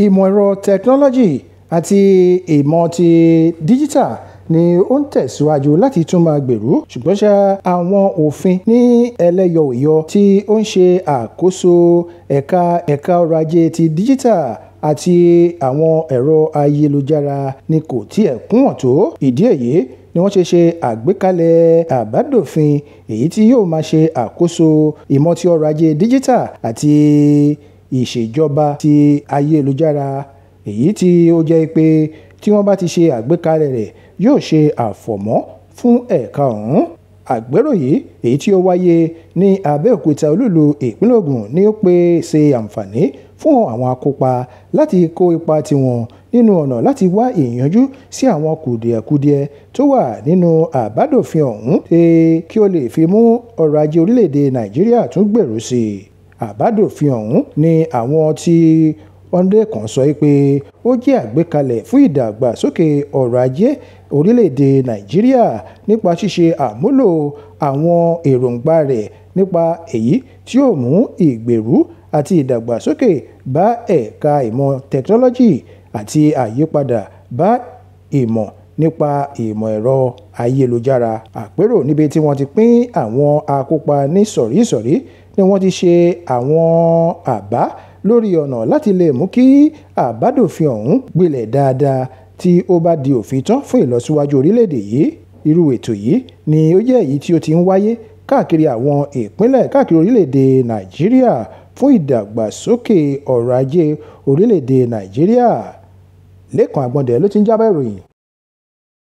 ìmọ̀ ẹ̀rọ tẹkinọ́lọ́jì àti ìmọ̀ ti díjítà ni ó ń tẹ̀síwájú láti tún máa gbèrú ṣùgbọ́n ṣá àwọn òfin ní ẹlẹ́yọ̀ọ̀yọ̀ tí ó ń ṣe àkóso ẹ̀ka ẹ̀ka ọrọ̀ ajé ti díjítà àti àwọn ẹ̀rọ ayélujára ni kò tiẹ̀ kúnwọ̀n tó ìdí èyí ni wọ́n ṣe ṣe àgbékalẹ̀ àbádòfin èyí tí yóò máa ṣe àkóso ìmọ̀ ti ọrọ̀ ajé díjítà àti ìṣèjọba ti ayélujára èyí tí ó jẹ́ pé tí wọ́n bá ti ṣe àgbékalẹ̀ rẹ̀ yóò ṣe àfọ̀mọ́ fún ẹ̀ka ọ̀hún àgbérò yìí èyí tí ó wáyé ní Abẹ́òkúta olúlu ìpínlẹ̀ Ògùn ni ó pèsè àǹfààní fún àwọn akópa láti kó ipa tiwọn nínú ọ̀nà láti wá ìyanjú sí àwọn kùdìẹ̀kudiẹ tó wà nínú àbádòfin ọ̀hún ṣe kí ó lè fi mú ọrọ̀ ajé orílẹ̀-èdè Nàìjíríà tún gbèrú sí i àbádòfin ọ̀hún ni àwọn tí wọ́n lè kàn sọ pé ó jẹ́ àgbékalẹ̀ fún ìdàgbàsókè ọrọ̀ ajé orílẹ̀-èdè nàìjíríà nípa ṣíṣe àmúlò àwọn èròǹgbà rẹ̀ nípa èyí tí ó mú ìgbèrú àti ìdàgbàsókè bá ẹ̀ka ìmọ̀ tẹkinọ́lọ́jì àti àyípadà bá ìmọ̀ nípa ìmọ̀ ẹ̀rọ ayélujára àpérò níbi tí wọ́n ti pín àwọn akópa ní sọ̀rísọ̀rí ni wọ́n ti ṣe àwọn àbá lórí ọ̀nà láti lè mú kí àbádòfin ọ̀hún gbilẹ̀ dáadáa tí ó bá di òfin tán fún ìlọsíwájú orílẹ̀-èdè yìí irú ètò yìí ni ó jẹ́ èyí tí ó ti ń wáyé káàkiri àwọn ìpínlẹ̀ káàkiri orílẹ̀-èdè nàìjíríà fún ìdàgbàsókè ọrọ̀ ajé orílẹ̀-èdè nàìjíríà lẹ́kàn àgbọ̀ndẹ̀ ló ti ń jábọ̀ ìròyìn